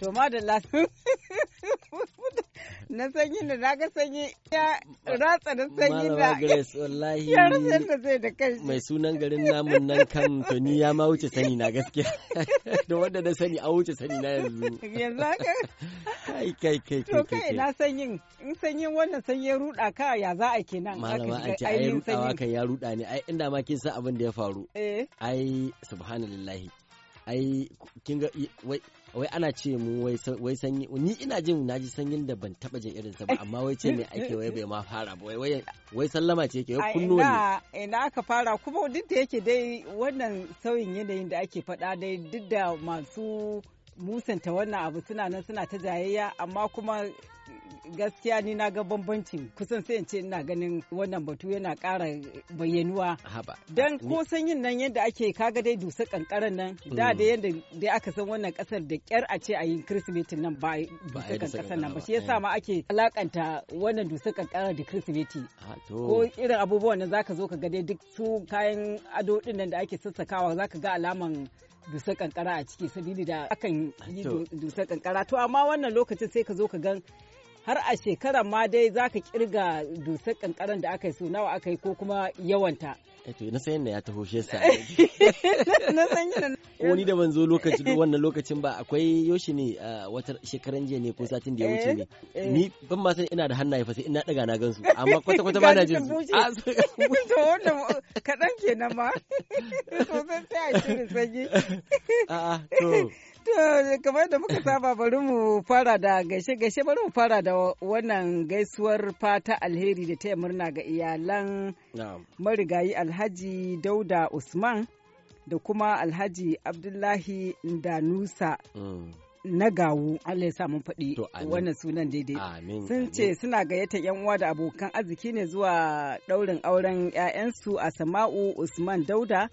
To ma da na sanyi da na ga sanyi ya ratsa da sanyi da ya rasar yadda zai da kai. Mai sunan garin namun nan kan to ni ya ma wuce sani na gaskiya. Da wanda na sani a wuce sani na yanzu. Yanzu haka. Kai kai kai To kai na sanyin in sanyin wannan sanyi ya ruda ka ya za a ke nan. Malama a ce ai rudawa kan ya ruda ne ai inda ma kin san abin da ya faru. Eh. Ai subhanallahi. Ai kin ga wai ana ce mu wai sanyi ni ina jin na ji sanyin da ban taba jin irin sa ba amma wai ce me ake wai bai ma fara ba wai sallama ce yake wai kunno ne ina aka fara kuma duk da yake dai wannan sauyin yanayin da ake faɗa dai duk da masu musanta wannan abu suna nan suna ta jayayya amma kuma gaskiya ni na ga bambanci kusan sai in ce ina ganin wannan batu yana kara bayyanuwa don ko san yin nan yadda ake kaga dai dusa kankaran nan da mm. da yadda dai aka san wannan kasar da kyar a ce a yi kirsimeti nan ba dusa kankaran nan ba shi yasa eh. ma ake alakanta wannan dusa kankaran da kirsimeti ko irin abubuwan nan zaka zo ka ga dai duk su kayan ado din nan da ake sassakawa zaka ga alaman dusar kankara a ciki sabili da akan yi dusar kankara to amma wannan lokacin sai ka zo ka gan har a shekarar ma dai za ka kirga dusar kankaran da aka yi so nawa aka yi ko kuma yawanta. Eh to na san ya taho shi yasa na san yana wani da ban zo lokacin wannan lokacin ba akwai yoshi ne a wata shekaran jiya ne ko satin da ya wuce ne eh, eh. ni ban ma san ina da hannaye fa sai ina daga na gansu amma kwata kwata ba na jin su to wannan kadan kenan ma sosai sai a shirin sanyi a'a to To kamar da muka saba bari mu fara da gaishe gaishe bari mu fara da wannan gaisuwar fata alheri da taya murna ga iyalan marigayi Alhaji Dauda Usman da kuma Alhaji Abdullahi Danusa. Mm. na gawo Allah ya sa faɗi wannan sunan daidai sun ce suna gayyata yan uwa da abokan arziki ne zuwa ɗaurin auren 'ya'yansu a sama'u usman dauda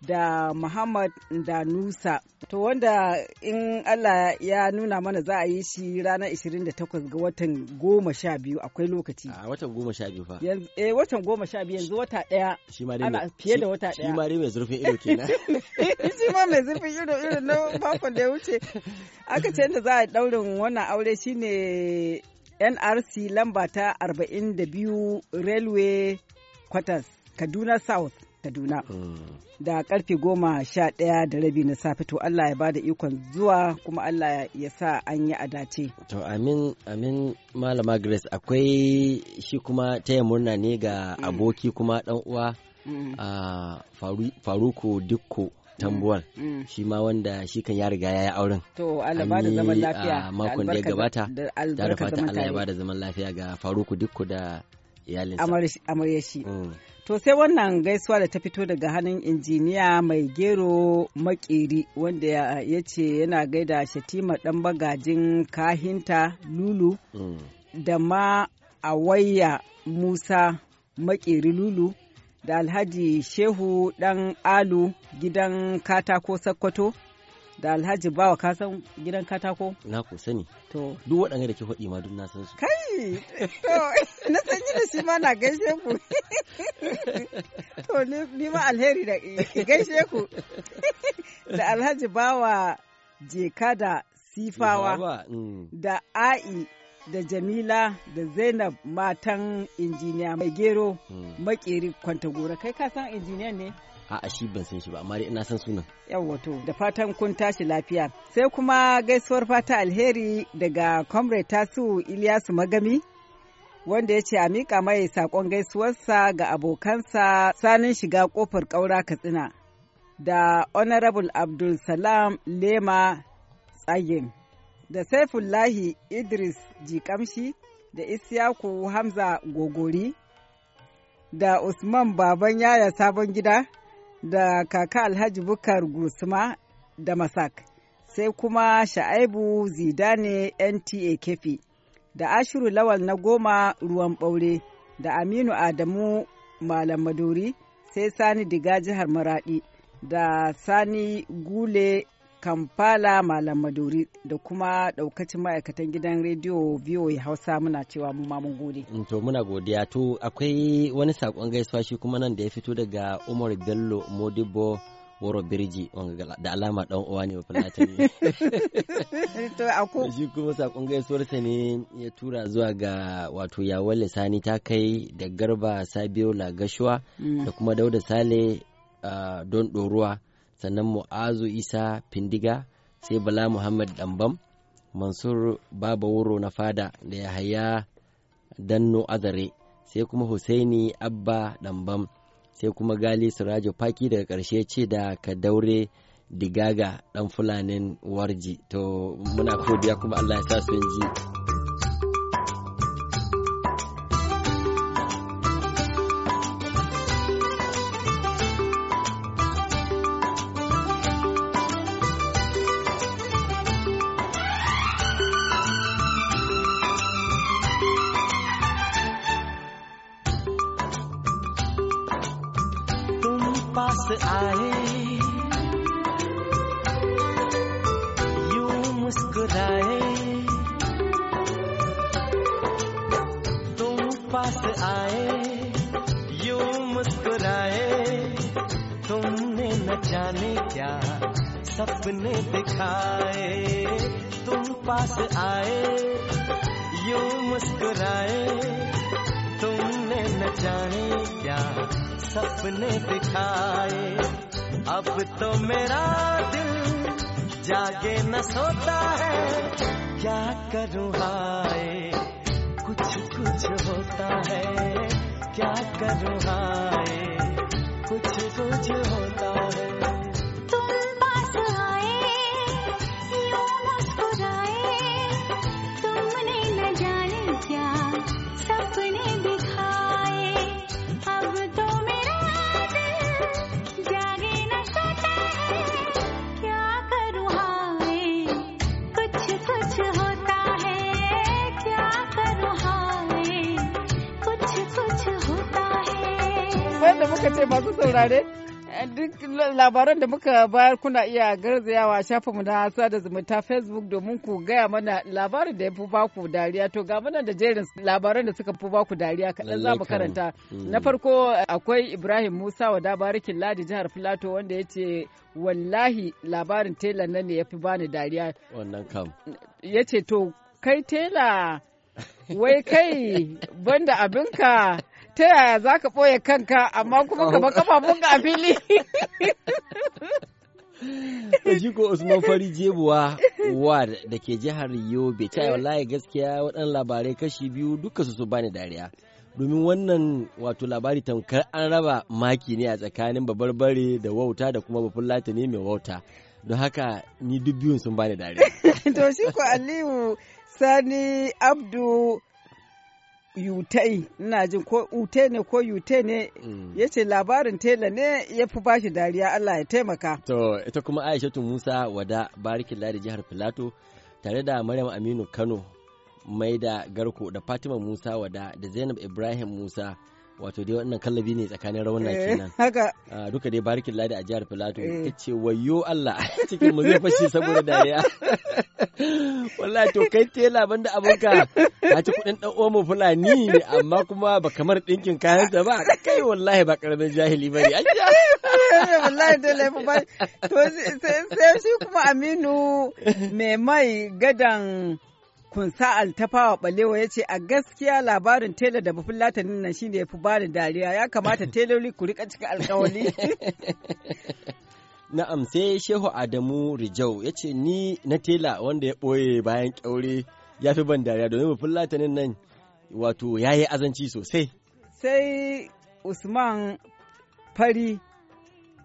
da Muhammad da Nusa. To wanda in Allah ya nuna mana za a yi shi ranar 28 ga watan goma sha biyu akwai lokaci. A watan goma sha biyu fa. Eh watan goma sha biyu yanzu wata ɗaya. Shi ma dai fiye da wata ɗaya. Shi ma dai mai zurfin ido kenan. Shi ma mai zurfin ido irin na bakon da ya wuce. Aka ce yadda za a ɗaurin wannan aure shine NRC lamba ta 42 Railway Quarters Kaduna South. Kaduna. Mm. Da karfe goma sha ɗaya da rabi na safe to Allah ya bada ikon zuwa kuma Allah ya sa an yi adace. To amin amin malama Grace akwai shi kuma taya murna ne ga mm. aboki kuma dan uwa mm. a ah, Faruku dukko tambuwal shi ma wanda shi kan ya riga ya yi auren to Allah ba da zaman lafiya ah, makon da ya gabata da Allah ya ba da zaman lafiya ga Faruku dukko da amarya shi mm. to sai wannan gaisuwa da ta fito daga hannun injiniya mai gero makeri wanda ya ce yana gaida shatima dan bagajin kahinta lulu mm. da ma awayya musa makeri lulu da alhaji shehu dan alu gidan katako sakkwato da alhaji bawa ka san gidan katako na ku sani to duk waɗanda da ke faɗi ma duk na san su kai to na san da shi ma na gaishe ku to ni ma alheri da gaishe ku da alhaji bawa jeka da sifawa mm. da a'i da jamila da zainab matan injiniya mai gero mm. makeri kwantagora kai ka san injiniya ne a'a shi ban san shi ba amma dai ina san sunan yawwa to da fatan kun tashi lafiya sai kuma gaisuwar fata alheri daga comrade tasu iliyasu Magami wanda ya ce a miƙa mai saƙon gaisuwarsa ga abokansa sanin shiga ƙofar ƙaura katsina da honorable abdul salam lema tsagin da saifullahi idris jikamshi da isyaku hamza gogori da usman baban yaya sabon gida da kaka Alhaji Bukar Gusma da Masak, sai kuma Sha'aibu Zidane NTA Kefi, da Ashiru Lawal na goma ruwan ɓaure, da Aminu Adamu Malam Maduri, sai Sani Diga jihar Maradi, da Sani Gule Kampala Malam Maduri da kuma daukacin ma'aikatan gidan rediyo VOA Hausa muna cewa mu ma mun gode. Mm, to muna godiya to akwai wani sakon gaisuwa shi kuma nan da ya fito daga Umar Bello Modibo Woro Birji da alama dan uwa ne wa To shi kuma sakon gaisuwar sa ne ya tura zuwa ga wato Yawon Sani ta kai da Garba Sabiu Lagashuwa mm. da kuma Dauda Sale ah, don ɗoruwa. sannan mu'azu isa findiga sai bala muhammad dambam mansur baba wuro na fada da ya haya danno azare sai kuma husaini abba dambam sai kuma gali surajo faki daga karshe ce da ka daure digaga dan fulanin warji to muna godiya kuma allah ya sa su ji मुस्कुराए तुम पास आए यू मुस्कुराए तुमने न जाने क्या सपने दिखाए तुम पास आए यू मुस्कुराए तुमने न जाने क्या सपने दिखाए अब तो मेरा दिल जागे न सोता है क्या करूँ हाय कुछ कुछ होता है क्या करूँ हाय कुछ कुछ होता muka ce masu saurare eh, duk labaran da muka bayar kuna iya garzayawa shafa na sada zumunta facebook domin ku gaya mana labarin da ya fi baku dariya to ga mana da jerin labaran da suka fi baku dariya kaɗan za mu karanta na mm. farko eh, akwai ibrahim musa wa dabarikin ladi jihar filato wanda ya ce wallahi labarin tela nan ne ya fi bani dariya ya ce to kai tela wai kai banda abinka ta yaya za ka ɓoye kanka amma kuma ka ba kafafunka a fili Shiko Usman Fari Jebuwa Ward da ke jihar Yobe ta wallahi gaskiya waɗannan labarai kashi biyu duka su su bani dariya. Domin wannan wato labari tamkar an raba maki ne a tsakanin babarbare da wauta da kuma bafin mai wauta. Don haka ni duk biyun sun bani dariya. To shi ko Aliyu Sani Abdu yutai e, ina jin ko ute ne ko yute ne mm. ya ce labarin tela ne ya fi bashi dariya Allah ya taimaka. To ita kuma Aishatu Musa wada barikin ladi jihar Filato tare da Maryam Aminu Kano mai da garko da Fatima Musa wada da Zainab Ibrahim Musa wato dai wannan kallabi ne tsakanin rauna eh, kenan haka ah, duka dai barikin ladi a jihar filato eh. ta ce wayo allah cikin mu zai fashi saboda dariya wallahi to kai tela da abinka ka ci kudin dan omo fulani amma kuma ba kamar dinkin kayan da ba kai wallahi ba karamin jahili ne wallahi laifin ba to sai shi kuma aminu mai mai gadan kunsa altafawa balewa ya ce a gaskiya labarin tela da bafin latanin nan shine ya fi ba dariya ya kamata teloli ku rika cika alkawali na'am sai shehu adamu rijau ya ce ni na tela wanda ya ɓoye bayan ƙyaure ya fi ban dariya domin bafin latanin nan wato ya yi azanci sosai sai usman fari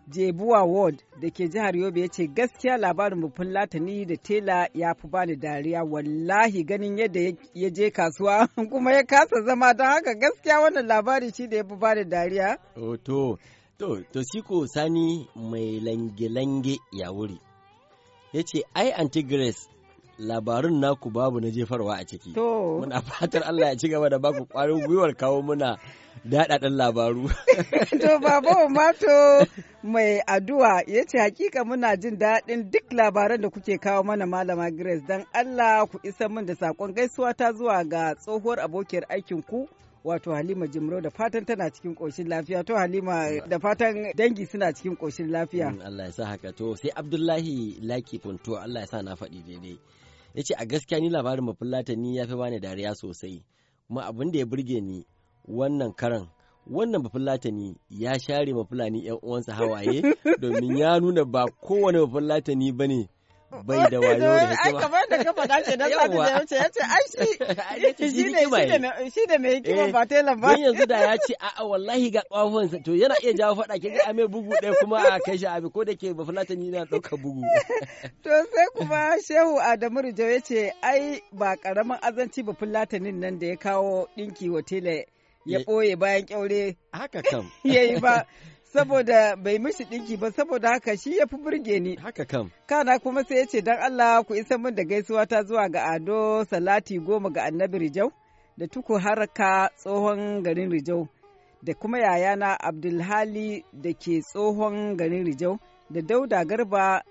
jebuwa ward da ke jihar yobe ya ce gaskiya labarin bufin latani da tela ya fi bani dariya wallahi ganin yadda ya je kasuwa kuma ya kasa zama don haka gaskiya wannan labari shi da ya fi bani dariya oh, to to to siko sani mai lange-lange ya wuri ya ce ai anti grace naku babu na jefarwa a ciki to muna fatar allah ya ci gaba da baku kwarin gwiwar kawo muna daɗaɗɗen labaru. To babo Mato mai addu'a ya ce hakika muna jin daɗin duk labaran da kuke kawo mana Malama Grace don Allah ku isa min da sakon gaisuwa ta zuwa ga tsohuwar abokiyar aikin ku wato Halima Jimro da fatan tana cikin ƙoshin lafiya to Halima da fatan dangi suna cikin ƙoshin lafiya. Mm, Allah ya sa haka to sai Abdullahi Laki Funto Allah ya sa na faɗi daidai. Ya ce a gaskiya ni labarin mafulatani ya fi bani dariya sosai kuma abin da ya burge ni wannan karan wannan bafulatani ya share mafulani yan uwansa hawaye domin ya nuna ba kowane bafulatani ba ne bai da wayo da hikima. Ai kamar da ka faɗa ce dan da yace yace ai shi shi ne shi ne mai hikima eh, ba tela ba. Don yanzu da ya ce a'a wallahi ga kwafin to yana iya jawo faɗa kin ga bugu ɗaya kuma a kai shi abi ko da ke bafulatani na ɗauka bugu. To sai kuma Shehu Adamu Rijau yace ai ba karaman azanci bafulatanin nan da ya kawo ɗinki wa tela ya eh, ɓoye bayan ƙyaure haka kam ba saboda bai mishi ɗinki ba saboda haka shi ya fi burge ni. Haka kam. Kana kuma sai ya ce don Allah ku isa min da gaisuwa ta zuwa ga Ado Salati goma ga Annabi Rijau da tuku haraka tsohon garin Rijau da kuma yayana Abdulhali da ke tsohon garin Rijau da Dauda Garba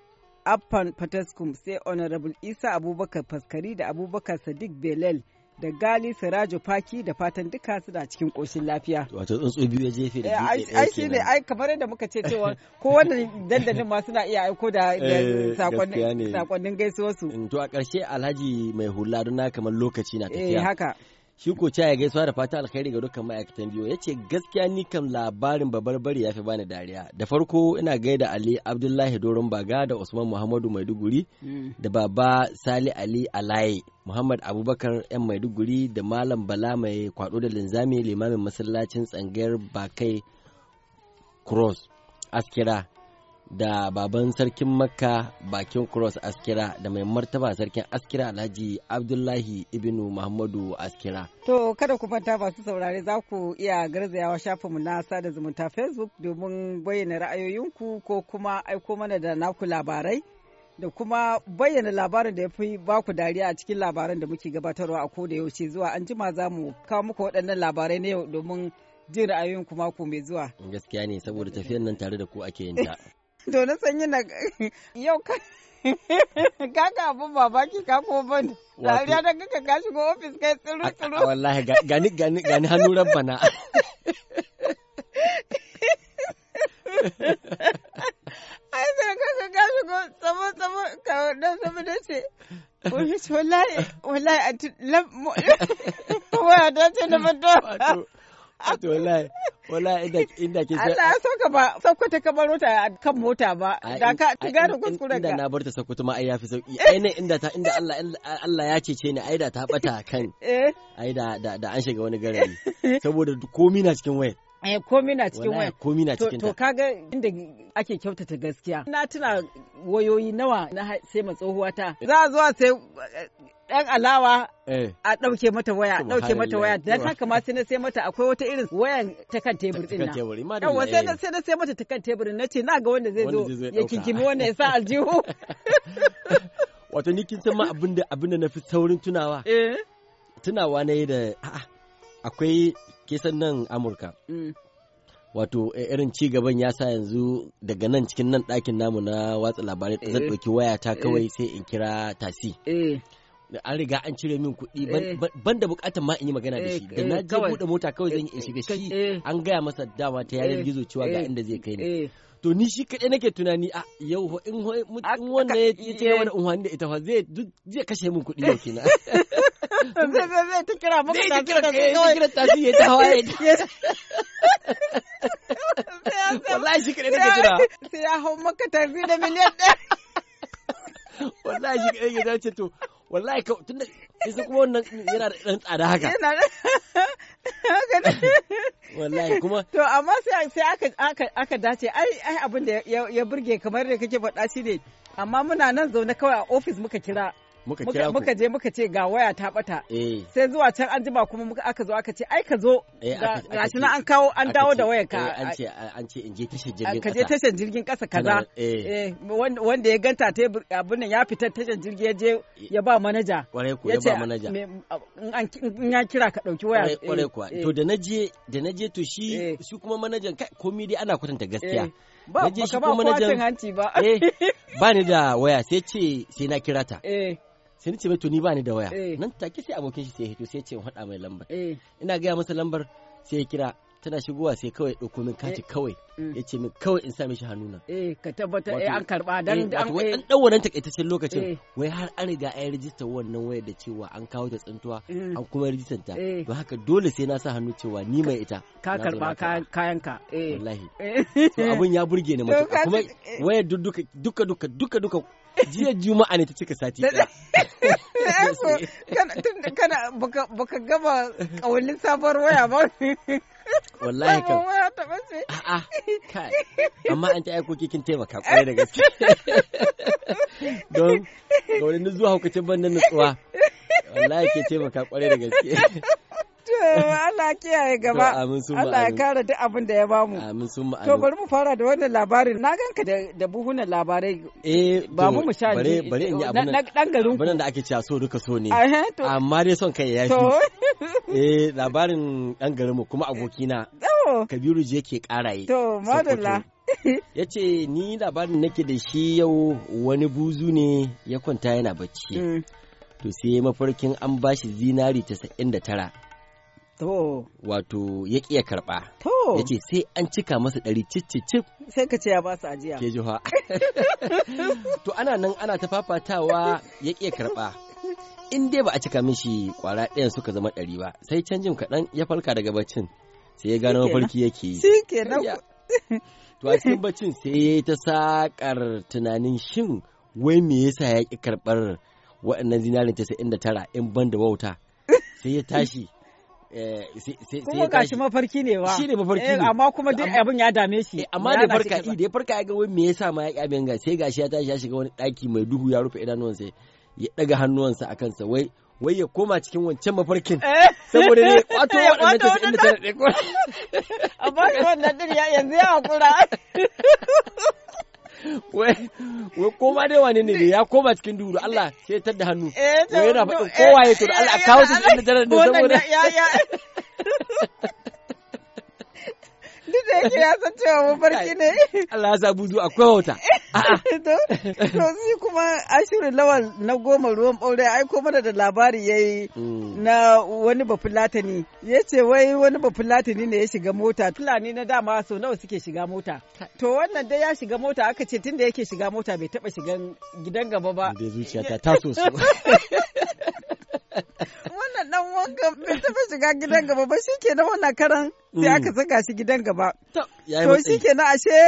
appan Fataskum sai Honorable Isa Abubakar Faskari da Abubakar Sadiq Belel. da gali sirajo faki da fatan duka suna cikin koshin lafiya wato tsuntsu biyu ya jefe da jefe eh, ai shi ne ai kamar yadda muka ce cewa ko wannan dandalin ma suna iya aiko da eh, sakonnin gaisuwarsu mm, to a ƙarshe alhaji mai hula don na kamar lokaci na eh, tafiya eh haka shi ko ya gaisuwa da fata alkhairi ga dukkan ma'aikatan biyu ya ce gaskiya ni kan labarin babar bari ya fi bani dariya da farko ina gaida ali abdullahi doron baga da usman muhammadu maiduguri mm. da baba sali ali alaye muhammad abubakar yan maiduguri da malam bala mai kwado da linzami limamin masallacin tsangayar bakai cross askira da baban sarkin makka bakin cross askira da mai martaba sarkin askira alhaji abdullahi ibnu muhammadu askira to kada ku manta masu saurare za ku iya garzayawa shafinmu na sada zumunta facebook domin bayyana ra'ayoyinku ko kuma aiko mana da naku labarai da kuma bayyana labarin da ya fi baku dariya a cikin labaran da muke gabatarwa a koda yaushe zuwa an jima za mu kawo muku waɗannan labarai na yau domin jin ra'ayoyinku ku mako mai zuwa. Gaskiya ne saboda tafiyar nan tare da ku ake yin ta. to na san na yau ka kaka abun babaki ka ko ban lariya da kaka ka shigo ofis kai tsiru tsiru wallahi gani gani gani hannu na ai sai kaka ka shigo tsamo tsamo ka dan tsamo da ce wallahi wallahi a waya da ce na fito to wallahi wallahi inda inda ke Allah ya sauka ba sakkwato ka baro ta kan mota ba da ka gane kuskuren ka inda na barta sakkwato ma ai yafi sauki ai ne inda ta inda Allah Allah ya cece ni ai da ta bata kan eh. ai da da an shiga wani garari saboda komi na cikin wayar Eh, komi na cikin waya. Komi na cikin To kaga inda ake kyautata gaskiya. Na tuna wayoyi nawa na sai ma ta? Za zuwa sai ɗan alawa eh. a ɗauke mata waya ɗauke mata waya dan haka ma sai na sai mata akwai wata irin wayan ta kan tebur din nan yawa sai na eh. sai na sai mata ta kan tebur na ce na ga wanda zai zo ya kinkimi wanda ya sa aljihu wato ni kin san ma da abin na fi saurin tunawa eh. tunawa ne da akwai kisan nan Amurka mm. wato irin ci gaban ya sa yanzu daga nan cikin nan ɗakin namu na watsa labarai zan ɗauki wayata kawai sai in kira tasi. an riga an cire min kuɗi ban eh. da bukatan ma in yi magana da eh, shi da na eh, je buɗe mota kawai zan yi in shiga shi an gaya masa dama ta yanar gizo cewa ga inda zai kai ne to ni shi kaɗai nake tunani a yau in wanda ya ce wani unhani da ita fa zai kashe min kuɗi yau kina. zai zai ta kira maka ta kira kawai kira ta ya ta hawaye wallahi shi kaɗai nake jira sai ya hau maka tafi da miliyan ɗaya wallahi shi kaɗai ya dace to wallahi ka tunda isa kuma wannan yana da dan tsada haka yana wallahi kuma to amma sai sai aka aka dace ai ai abin da ya burge kamar da kake faɗa shi ne amma muna nan zaune kawai a ofis muka kira muka kira muka je muka ce ga waya ta bata eh. sai zuwa can an jima kuma muka aka zo aka ce ai ka zo eh, gashi na an kawo an dawo da wayar ka eh, an ce an ce in je tashar jirgin kasa ka je tashar jirgin kasa kaza wanda ya ganta ta abin nan ya fita tashar jirgin ya je ya ba manaja kwarai ko ya ba manaja in ya kira ka dauki waya kwarai kuwa to da naje da je to shi shi kuma manajan komai dai ana kwatanta gaskiya ba ba ka ba hanci ba eh ba ni da waya sai ce sai na kira ta sai ni ce mai to ni bani da waya eh. nan take sai abokin shi sai ya hito sai ya ce in hada mai lambar eh. ina gaya masa lambar sai ya kira tana shigowa sai kawai ɗauko min kati eh. kawai mm. ya ce min kawai in sa mishi hannuna eh ka tabbata eh an karɓa dan eh, an wai dan eh. dawaran takaitaccen lokacin wai har an riga an rijista wannan wayar da cewa an kawo ta tsintuwa mm. an kuma rijistar ta don haka dole sai na sa hannu cewa ni mai ita ka karba kayan ka eh wallahi abun ya burge ni mutum kuma wayar duka duka duka duka duka jiya juma'a ne ta cika sati ɗaya Eh, kana baka gama kawalin sabuwar waya ba wallahi kan waya ta bace a'a amma an ta aiko kikin taimaka kwarai da gaske don ga wani zuwa hukacin ban nutsuwa wallahi ke taimaka da gaske Allah kiyaye gaba. Allah ya kare duk abin da ya bamu. Amin sun ma'ani. To bari mu fara da wannan labarin. Na ganka da buhunan labarai. Eh ba mu sha bare bare in yi abin Dan garin. Abin da ake cewa so duka so ne. Amma dai son kai ya fi. Eh labarin dan garin mu kuma abokina. Oh. Kabiru je yake karaye. To madalla. ya ce ni labarin nake da shi yau wani buzu ne ya kwanta yana bacci mm. to sai mafarkin an bashi zinari 99 To. Wato ya ƙiya karɓa. To. Ya sai an cika masa ɗari cicicif. Sai ka ce ya ba su ajiya. Ke jiha. to ana nan ana ta fafatawa ya ƙiya karɓa. In dai ba a cika mishi ƙwara ɗayan suka zama ɗari ba sai canjin kaɗan ya farka daga baccin. Sai ya gano mafarki yake yi. To a cikin baccin sai ya ta saƙar tunanin shin wai me yasa ya ƙi karɓar waɗannan zinarin tara in ban da wauta. Sai ya tashi. Eh, kuma ga shi mafarki ne wa shine mafarki eh, ne amma kuma duk abin ya dame shi eh, amma da farka i da farka ya ga wai me yasa ma ya kyamen ga sai gashi ya tashi ya shiga wani daki mai duhu ya rufe idanuwansa ya daga hannuwansa akan sa wai wai ya koma cikin wancan mafarkin saboda ne wato wannan ta inda ta daɗe amma wannan din ya yanzu ya hakura wai koma dai wane ne ne ya koma cikin duhu Allah sai tar da hannu eh, wai yana faɗin eh, kowa ya to Allah eh, kawo su da jarar da saboda Duk da yake ya san cewa mafarki ne. Allah ya sa budu akwai wata. To shi kuma ashirin lawan na goma ruwan ɓaure aiko mana da labari ya yi mm. na wani latani Ya ce wai wani bafulatani ne ya shiga mota. Fulani na dama sau nawa suke shiga mota. To wannan dai ya shiga mota aka ce tunda yake shiga mota bai taba shigan gidan gaba ba. Da zuciya ta taso wannan dan wanka bai taba shiga gidan gaba ba shike na wannan karan sai aka mm. saka shi gidan gaba to shike na ashe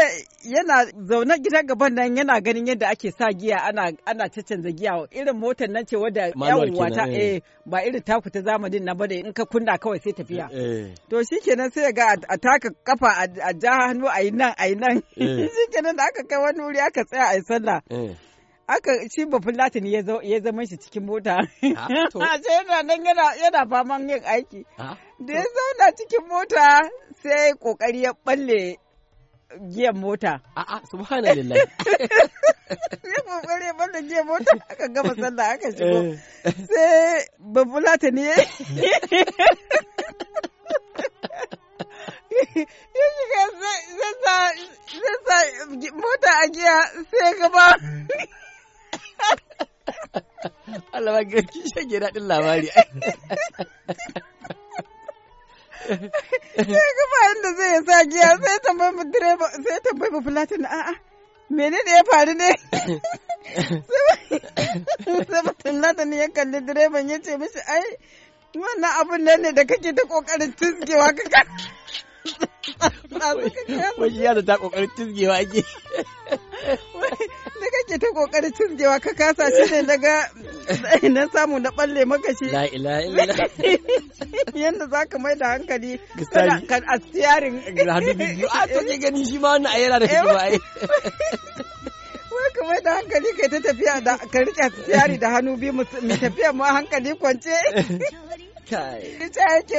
yana zaune gidan gaban nan yana ganin yadda ake sa giya ana ana caccanza giya irin motar nan ce wadda yawwa ta eh. eh ba irin taku ta zamanin na bane in ka kunna kawai sai tafiya eh, eh. to shikenan sai ga a taka kafa a ja hannu a yi nan a yi nan shikenan da aka kai wani wuri aka tsaya a yi sallah aka shi bafin latin ya zama shi cikin mota sai yana nan yana faman yin aiki da ya zauna cikin mota sai ya kokari ya balle giyan mota a'a subhanallah ya kokari ya balle giyan mota aka gama sallah aka shigo eh. sai bafin latin ya ya shiga zai sa mota a giya sai gaba Allah ba garki shage daɗin labari. Sai ba inda zai ya sa giya sai tambayi mu direba sai tambayi mu a a'a menene ya faru ne? Sai mutum ne ya kalli direban ya ce mishi ai wannan abun nan ne da kake ta kokarin tuzgewa ka ka. Wai da ta kokarin tuzgewa ake. kake ta kokarin jewa ka kasa shi ne na ga na samu na balle maka shi la ilaha illa yanda zaka mai da hankali kan astiyarin hannu biyu a ah, to ke gani shi ma wannan ayyana da kuma ai wai ka mai da hankali kai ta tafiya da ka rike astiyari da hannu biyu mu tafiya mu hankali kwance ita yake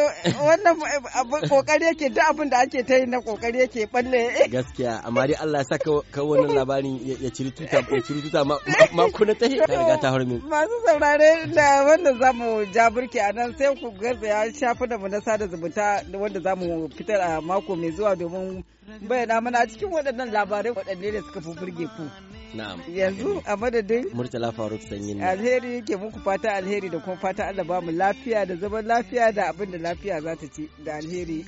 wannan abin kokari yake duk abin da ake ta yi na kokari yake balle gaskiya amma dai Allah ya sa ka wannan labarin ya ciri tuta ya ciri tuta ma kuna ta ta riga ta harmi masu saurare da wannan zamu jaburke a nan sai ku garzaya shafi da mu na sada zumunta wanda zamu fitar a mako mai zuwa domin bayyana mana a cikin waɗannan labarai waɗanne ne suka fi burge ku Na'am. Yanzu a madadin Murtala Faruk Sanyin. Alheri yake muku fata alheri da kuma fata Allah ba mu lafiya da zaman lafiya da abin da lafiya za ta ci da alheri.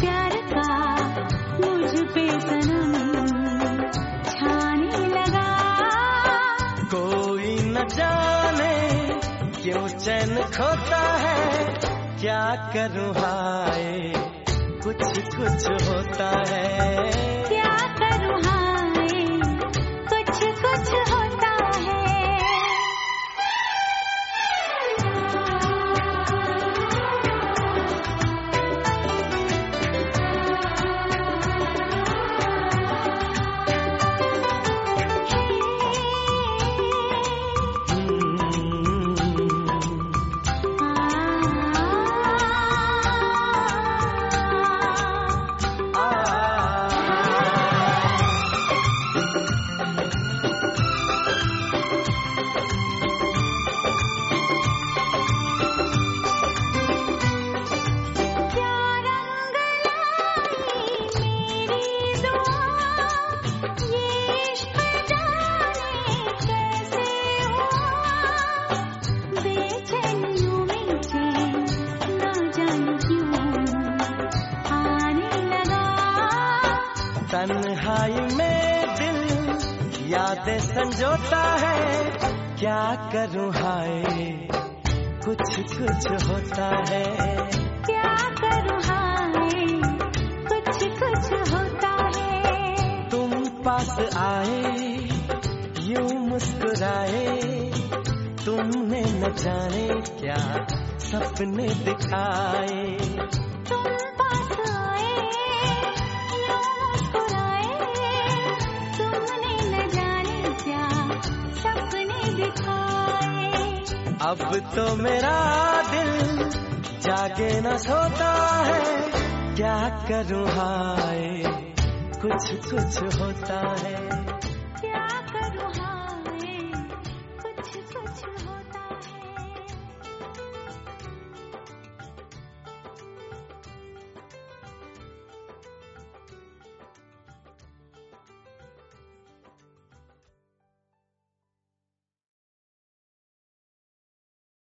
प्यार का मुझ पे क्यों चैन खोता है क्या करूँ हाय कुछ कुछ होता है क्या करूँ हाय यादें संजोता है क्या करूं हाय कुछ कुछ होता है क्या करूं हाय कुछ कुछ होता है तुम पास आए यू मुस्कुराए तुमने न जाने क्या सपने दिखाए अब तो मेरा दिल जागे न सोता है क्या करूँ हाय कुछ कुछ होता है